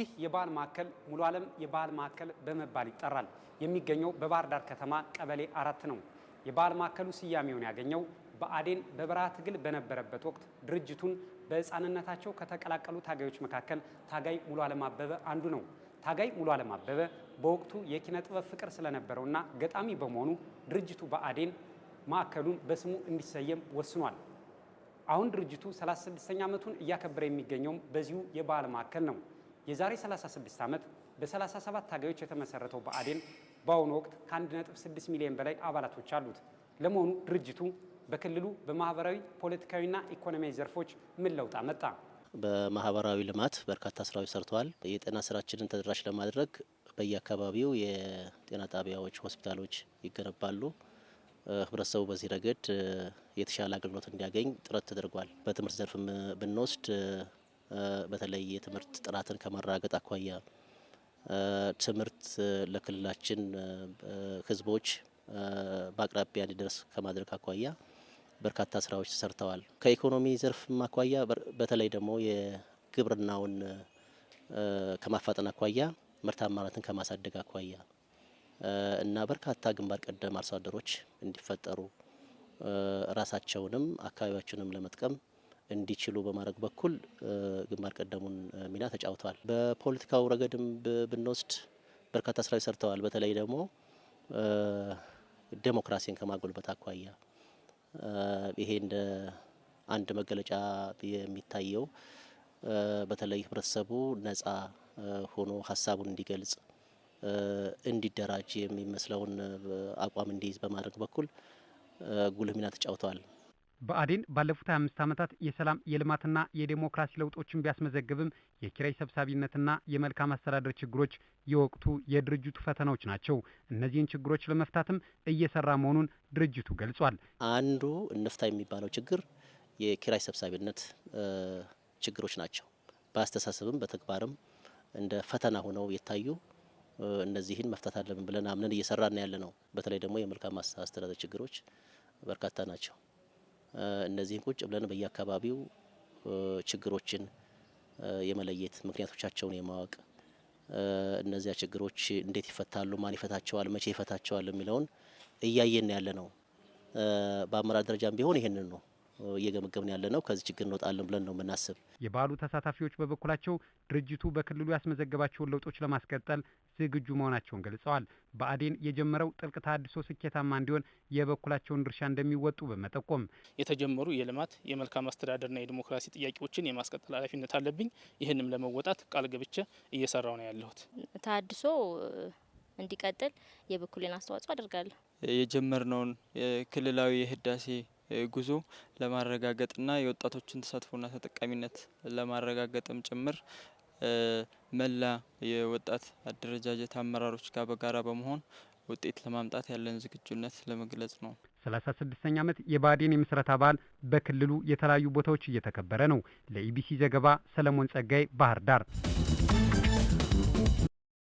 ይህ የባህል ማዕከል ሙሉ ዓለም የባህል ማዕከል በመባል ይጠራል። የሚገኘው በባህር ዳር ከተማ ቀበሌ አራት ነው። የባህል ማዕከሉ ስያሜውን ያገኘው በአዴን በበረሃ ትግል በነበረበት ወቅት ድርጅቱን በሕፃንነታቸው ከተቀላቀሉ ታጋዮች መካከል ታጋይ ሙሉ ዓለም አበበ አንዱ ነው። ታጋይ ሙሉ ዓለም አበበ በወቅቱ የኪነ ጥበብ ፍቅር ስለነበረውና ገጣሚ በመሆኑ ድርጅቱ በአዴን ማዕከሉን በስሙ እንዲሰየም ወስኗል። አሁን ድርጅቱ 36ኛ ዓመቱን እያከበረ የሚገኘውም በዚሁ የባህል ማዕከል ነው። የዛሬ 36 ዓመት በ37 ታጋዮች የተመሰረተው ብአዴን በአሁኑ ወቅት ከ1.6 ሚሊዮን በላይ አባላቶች አሉት። ለመሆኑ ድርጅቱ በክልሉ በማህበራዊ ፖለቲካዊና ኢኮኖሚያዊ ዘርፎች ምን ለውጥ አመጣ? በማህበራዊ ልማት በርካታ ስራዎች ሰርተዋል። የጤና ስራችንን ተደራሽ ለማድረግ በየአካባቢው የጤና ጣቢያዎች፣ ሆስፒታሎች ይገነባሉ። ህብረተሰቡ በዚህ ረገድ የተሻለ አገልግሎት እንዲያገኝ ጥረት ተደርጓል። በትምህርት ዘርፍ ብንወስድ በተለይ የትምህርት ጥራትን ከመራገጥ አኳያ ትምህርት ለክልላችን ህዝቦች በአቅራቢያ እንዲደርስ ከማድረግ አኳያ በርካታ ስራዎች ተሰርተዋል። ከኢኮኖሚ ዘርፍም አኳያ በተለይ ደግሞ የግብርናውን ከማፋጠን አኳያ ምርታማነትን ከማሳደግ አኳያ እና በርካታ ግንባር ቀደም አርሶ አደሮች እንዲፈጠሩ ራሳቸውንም አካባቢያቸውንም ለመጥቀም እንዲችሉ በማድረግ በኩል ግንባር ቀደሙን ሚና ተጫውተዋል። በፖለቲካው ረገድም ብንወስድ በርካታ ስራዎች ሰርተዋል። በተለይ ደግሞ ዴሞክራሲን ከማጎልበት አኳያ ይሄ እንደ አንድ መገለጫ የሚታየው በተለይ ህብረተሰቡ ነጻ ሆኖ ሀሳቡን እንዲገልጽ እንዲደራጅ የሚመስለውን አቋም እንዲይዝ በማድረግ በኩል ጉልህ ሚና ተጫውተዋል። ብአዴን ባለፉት 25 ዓመታት የሰላም የልማትና የዴሞክራሲ ለውጦችን ቢያስመዘግብም የኪራይ ሰብሳቢነትና የመልካም አስተዳደር ችግሮች የወቅቱ የድርጅቱ ፈተናዎች ናቸው። እነዚህን ችግሮች ለመፍታትም እየሰራ መሆኑን ድርጅቱ ገልጿል። አንዱ እንፍታ የሚባለው ችግር የኪራይ ሰብሳቢነት ችግሮች ናቸው። በአስተሳሰብም በተግባርም እንደ ፈተና ሆነው የታዩ እነዚህን መፍታት አለብን ብለን አምነን እየሰራን ያለ ነው። በተለይ ደግሞ የመልካም አስተዳደር ችግሮች በርካታ ናቸው። እነዚህን ቁጭ ብለን በየአካባቢው ችግሮችን የመለየት ምክንያቶቻቸውን የማወቅ እነዚያ ችግሮች እንዴት ይፈታሉ፣ ማን ይፈታቸዋል፣ መቼ ይፈታቸዋል የሚለውን እያየን ያለ ነው። በአመራር ደረጃም ቢሆን ይህንን ነው እየገመገምን ያለ ነው። ከዚህ ችግር እንወጣለን ብለን ነው የምናስብ። የበዓሉ ተሳታፊዎች በበኩላቸው ድርጅቱ በክልሉ ያስመዘገባቸውን ለውጦች ለማስቀጠል ዝግጁ መሆናቸውን ገልጸዋል። በአዴን የጀመረው ጥልቅ ተሃድሶ ስኬታማ እንዲሆን የበኩላቸውን ድርሻ እንደሚወጡ በመጠቆም የተጀመሩ የልማት የመልካም አስተዳደርና የዲሞክራሲ ጥያቄዎችን የማስቀጠል ኃላፊነት አለብኝ። ይህንም ለመወጣት ቃል ገብቼ እየሰራው ነው ያለሁት። ተሃድሶ እንዲቀጥል የበኩሌን አስተዋጽኦ አድርጋለሁ። የጀመርነውን ክልላዊ የህዳሴ ጉዞ ለማረጋገጥና የወጣቶችን ተሳትፎና ተጠቃሚነት ለማረጋገጥም ጭምር መላ የወጣት አደረጃጀት አመራሮች ጋር በጋራ በመሆን ውጤት ለማምጣት ያለን ዝግጁነት ለመግለጽ ነው። ሰላሳ ስድስተኛ ዓመት የባዴን የምስረታ በዓል በክልሉ የተለያዩ ቦታዎች እየተከበረ ነው። ለኢቢሲ ዘገባ ሰለሞን ጸጋይ ባህር ዳር